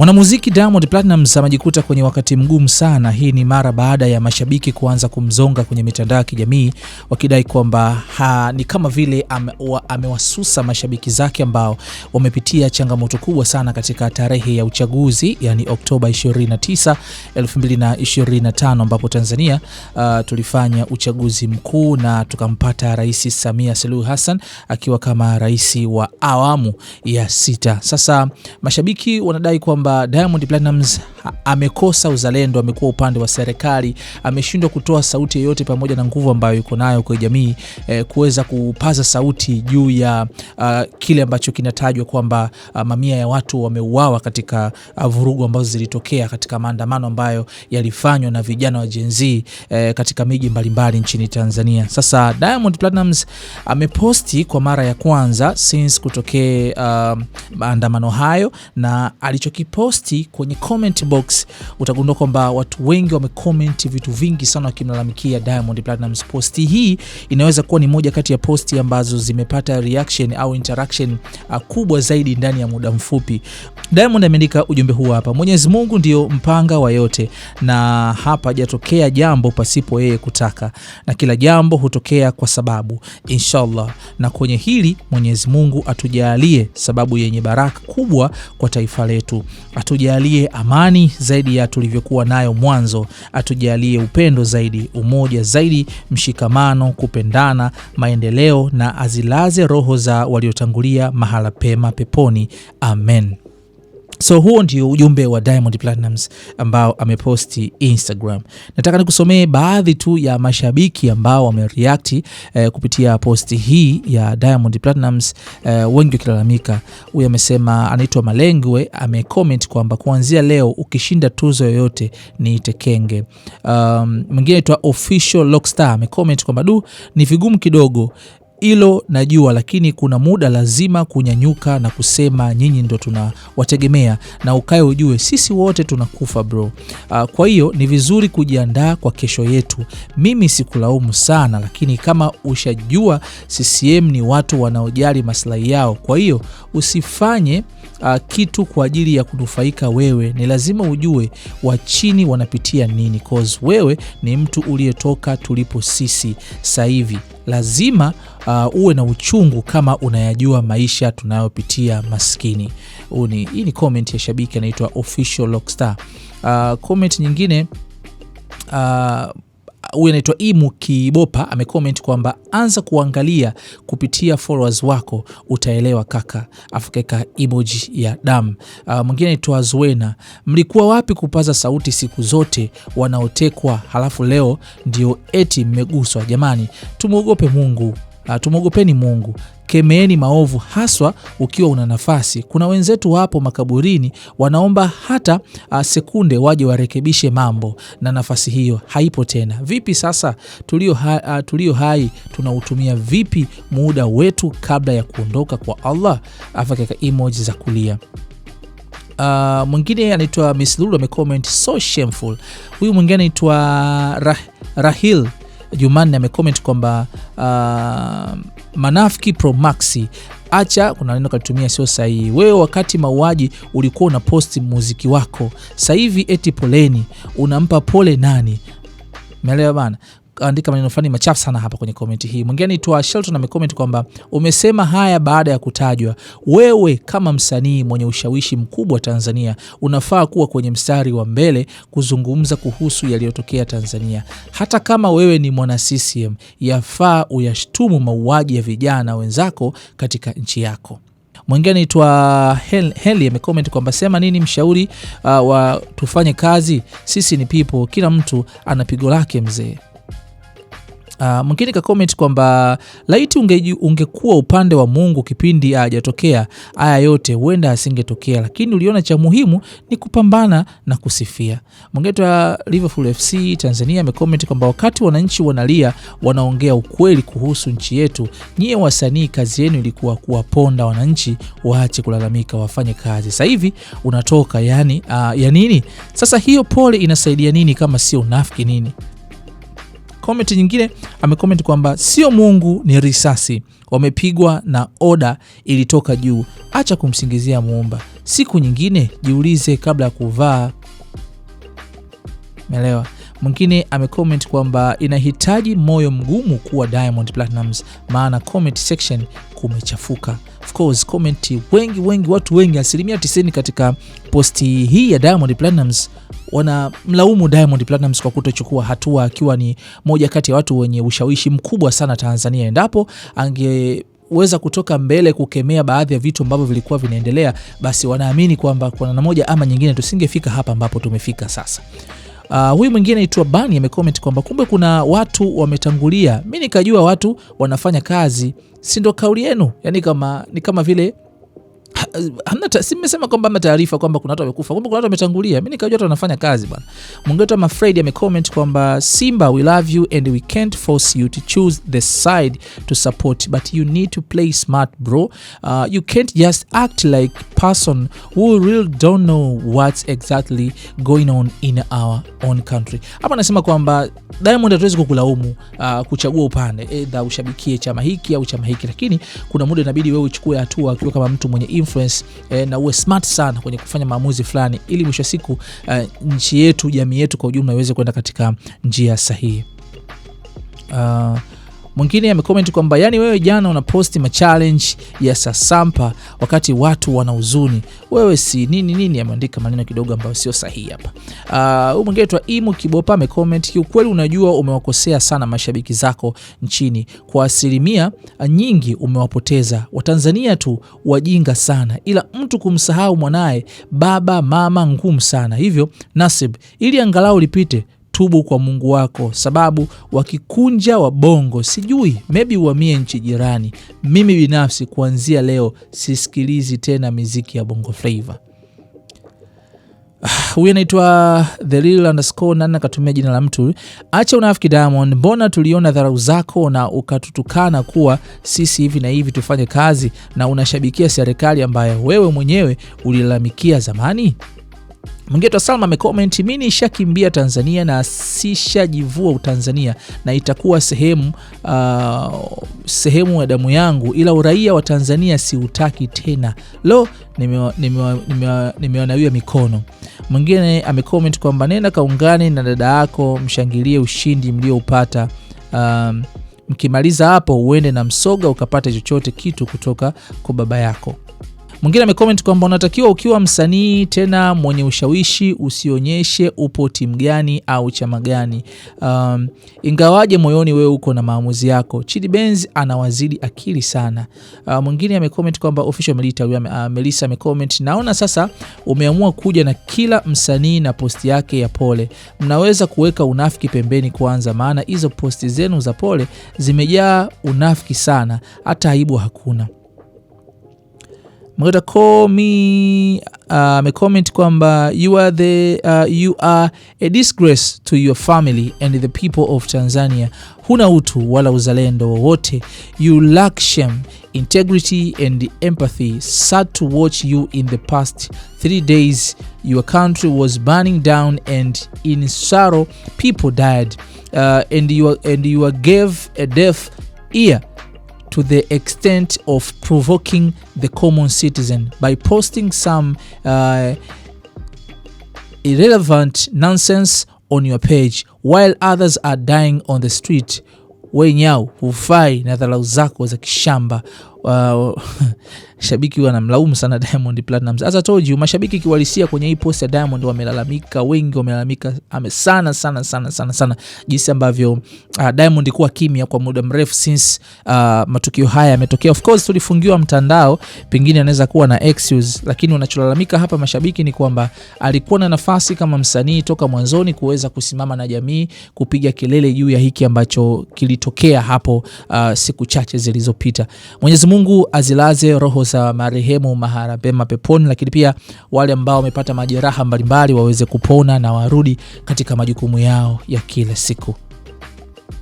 Mwanamuziki Diamond Platnumz amejikuta kwenye wakati mgumu sana. Hii ni mara baada ya mashabiki kuanza kumzonga kwenye mitandao ya kijamii wakidai kwamba ni kama vile amewasusa ame mashabiki zake ambao wamepitia changamoto kubwa sana katika tarehe ya uchaguzi, yani Oktoba 29, 2025 ambapo Tanzania uh, tulifanya uchaguzi mkuu na tukampata Rais Samia Suluhu Hassan akiwa kama rais wa awamu ya sita. Sasa mashabiki wanadai kwamba kwamba Diamond Platnumz amekosa uzalendo, amekuwa upande wa serikali, ameshindwa kutoa sauti yoyote pamoja na nguvu ambayo yuko nayo kwa jamii eh, kuweza kupaza sauti juu ya uh, kile ambacho kinatajwa kwamba uh, mamia ya watu wameuawa katika uh, vurugu ambazo zilitokea katika maandamano ambayo yalifanywa na vijana wa Gen Z eh, katika miji mbalimbali nchini Tanzania. Sasa Diamond Platnumz ameposti kwa mara ya kwanza since kutokee uh, maandamano hayo na alichoki ukiposti kwenye comment box utagundua kwamba watu wengi wamecomment vitu vingi sana wakimlalamikia Diamond platinums Posti hii inaweza kuwa ni moja kati ya posti ambazo zimepata reaction au interaction uh, kubwa zaidi ndani ya muda mfupi. Diamond ameandika ujumbe huu hapa: Mwenyezi Mungu ndio mpanga wa yote, na hapa jatokea jambo pasipo yeye kutaka, na kila jambo hutokea kwa sababu, inshallah. Na kwenye hili Mwenyezi Mungu atujalie sababu yenye baraka kubwa kwa taifa letu atujalie amani zaidi ya tulivyokuwa nayo mwanzo, atujalie upendo zaidi, umoja zaidi, mshikamano, kupendana, maendeleo, na azilaze roho za waliotangulia mahala pema peponi. Amen. So huo ndio ujumbe wa Diamond Platnumz ambao ameposti Instagram. Nataka nikusomee baadhi tu ya mashabiki ambao wamereact eh, kupitia posti hii ya Diamond Platnumz eh, wengi wakilalamika. Huyu amesema anaitwa Malengwe amecomment kwamba kuanzia leo ukishinda tuzo yoyote ni tekenge Um, mwingine aitwa Official Lockstar amecomment kwamba du ni vigumu kidogo hilo najua, lakini kuna muda lazima kunyanyuka na kusema nyinyi ndo tunawategemea, na ukae ujue sisi wote tunakufa bro. Uh, kwa hiyo ni vizuri kujiandaa kwa kesho yetu. Mimi sikulaumu sana, lakini kama ushajua CCM ni watu wanaojali maslahi yao, kwa hiyo usifanye uh, kitu kwa ajili ya kunufaika wewe, ni lazima ujue wa chini wanapitia nini, cause wewe ni mtu uliyetoka tulipo sisi sasa hivi lazima uh, uwe na uchungu kama unayajua maisha tunayopitia maskini. Uni, hii ni comment ya shabiki anaitwa Official lockstar. Uh, comment nyingine uh, huyu anaitwa Imu Kibopa amecomment kwamba anza kuangalia kupitia followers wako utaelewa kaka, afu emoji ya damu. Uh, mwingine anaitwa Zuena, mlikuwa wapi kupaza sauti siku zote wanaotekwa, halafu leo ndio eti mmeguswa? Jamani, tumuogope Mungu. Ah, tumwogopeni Mungu, kemeeni maovu, haswa ukiwa una nafasi. Kuna wenzetu wapo makaburini wanaomba hata uh, sekunde waje warekebishe mambo, na nafasi hiyo haipo tena. Vipi sasa tulio, ha, uh, tulio hai tunautumia vipi muda wetu kabla ya kuondoka kwa Allah? Afakeka emoji za kulia. Uh, mwingine anaitwa Miss Lulu amecomment so shameful. Huyu mwingine anaitwa Rah, Rahil Jumanne amecomment kwamba uh, Manafiki Pro acha, kuna neno kalitumia sio sahihi. Wewe wakati mauaji ulikuwa una post muziki wako, sahivi eti poleni, unampa pole nani? melewa bana? kuandika maneno fulani machafu sana hapa kwenye komenti hii. Mwingine anaitwa Shelton amecomment kwamba umesema haya baada ya kutajwa. Wewe kama msanii mwenye ushawishi mkubwa Tanzania, unafaa kuwa kwenye mstari wa mbele kuzungumza kuhusu yaliyotokea Tanzania. Hata kama wewe ni mwana CCM, yafaa uyashtumu mauaji ya vijana wenzako katika nchi yako. Mwingine anaitwa Heli amecomment kwamba sema nini mshauri uh, wa tufanye kazi, sisi ni people, kila mtu ana pigo lake mzee. Uh, ah, mwingine ka comment kwamba laiti ungekuwa upande wa Mungu kipindi hajatokea haya yote, huenda asingetokea, lakini uliona cha muhimu ni kupambana na kusifia. Mwingine wa Liverpool FC Tanzania amecomment kwamba wakati wananchi wanalia, wanaongea ukweli kuhusu nchi yetu. Nyie wasanii, kazi yenu ilikuwa kuwaponda wananchi waache kulalamika, wafanye kazi. Sasa hivi unatoka yani, uh, ah, ya nini sasa? Hiyo pole inasaidia nini kama sio unafiki nini? comment nyingine amecomment kwamba sio Mungu, ni risasi wamepigwa na oda ilitoka juu. Acha kumsingizia Muumba, siku nyingine jiulize kabla ya kuvaa. Melewa. Mwingine amecomment kwamba inahitaji moyo mgumu kuwa Diamond Platnumz, maana comment section kumechafuka. Of course comment wengi wengi, watu wengi, asilimia 90 katika posti hii ya Diamond Platnumz wanamlaumu Diamond Platnumz kwa kutochukua hatua, akiwa ni moja kati ya watu wenye ushawishi mkubwa sana Tanzania. Endapo ange weza kutoka mbele kukemea baadhi ya vitu ambavyo vilikuwa vinaendelea, basi wanaamini kwamba kwa namna moja ama nyingine tusingefika hapa ambapo tumefika sasa. Uh, huyu mwingine aitwa Bani amecomment kwamba kumbe kuna watu wametangulia, mi nikajua watu wanafanya kazi, si ndo kauli yenu? Yani kama, ni kama vile simesema kwamba hamna taarifa kwamba kuna watu wamekufa, kwamba kuna watu wametangulia. Mi nikajua watu wanafanya kazi bwana. Mwengeto I'm afraid amecomment kwamba Simba, we love you and we can't force you to choose the side to support but you need to play smart bro. Uh, you can't just act like person who really don't know what's exactly going on in our own country. Hapa anasema kwamba Diamond hatuwezi kukulaumu uh, kuchagua upande aidha ushabikie chama hiki au chama hiki, lakini kuna muda inabidi wewe uchukue hatua ukiwa kama mtu mwenye influence influence eh, na uwe smart sana kwenye kufanya maamuzi fulani, ili mwisho wa siku eh, nchi yetu, jamii yetu kwa ujumla iweze kwenda katika njia sahihi. Uh, Mwingine amecomment kwamba yani, wewe jana unaposti machallenge ya Sasampa wakati watu wana huzuni, wewe si nini nini. Ameandika maneno kidogo ambayo sio sahihi hapa. Ah, huyu uh, mwingine aitwa Imu Kibopa amecomment, kiukweli unajua umewakosea sana mashabiki zako nchini, kwa asilimia nyingi umewapoteza. Watanzania tu wajinga sana, ila mtu kumsahau mwanaye, baba, mama, ngumu sana. Hivyo Nasib, ili angalau lipite tubu kwa Mungu wako, sababu wakikunja wabongo, sijui mebi uamie nchi jirani. Mimi binafsi kuanzia leo sisikilizi tena miziki ya bongo flavo ah, Huyu anaitwa thelil akatumia jina la mtu. Acha unafiki Diamond, mbona tuliona dharau zako na ukatutukana kuwa sisi hivi na hivi tufanye kazi, na unashabikia serikali ambayo wewe mwenyewe ulilalamikia zamani. Mwengeto Salma amecomment, mimi nishakimbia Tanzania na sishajivua Utanzania na itakuwa sehemu uh, sehemu ya damu yangu, ila uraia wa Tanzania siutaki tena. Lo, nimewanawia mikono. Mwingine amecomment kwamba nenda kaungane na dada yako, mshangilie ushindi mlioupata. Um, mkimaliza hapo uende na msoga ukapata chochote kitu kutoka kwa baba yako. Mwingine amecomment kwamba unatakiwa ukiwa msanii tena mwenye ushawishi usionyeshe upo timu gani au chama gani, um, ingawaje moyoni wewe uko na maamuzi yako. Chidi Benz anawazidi akili sana. Uh, mwingine amecomment kwamba official Melita, uh, Melissa amecomment, naona sasa umeamua kuja na kila msanii na posti yake ya pole. Mnaweza kuweka unafiki pembeni kwanza, maana hizo posti zenu za pole zimejaa unafiki sana, hata aibu hakuna. Mkata Komi uh, amecomment uh, kwamba you are the uh, you are a disgrace to your family and the people of Tanzania. Huna utu wala uzalendo wowote, you lack shame, integrity and empathy. Sad to watch you in the past three days your country was burning down and in sorrow people died uh, and you and you gave a death ear to the extent of provoking the common citizen by posting some uh, irrelevant nonsense on your page while others are dying on the street. Wenyao hufai na dharau zako za kishamba uh, shabiki wanamlaumu sana Diamond Platnumz. As I told you, mashabiki kiwalisia kwenye hii post ya Diamond wamelalamika, wengi wamelalamika sana sana sana sana sana jinsi ambavyo uh, Diamond kuwa kimya kwa muda mrefu since uh, matukio haya yametokea. Of course tulifungiwa mtandao, pengine anaweza kuwa na excuse, lakini wanacholalamika hapa mashabiki ni kwamba alikuwa na nafasi kama msanii toka mwanzoni kuweza kusimama na jamii kupiga kelele juu ya hiki ambacho kilitokea hapo uh, siku chache zilizopita. Mwenyezi Mungu azilaze roho za marehemu mahala pema peponi, lakini pia wale ambao wamepata majeraha mbalimbali waweze kupona na warudi katika majukumu yao ya kila siku.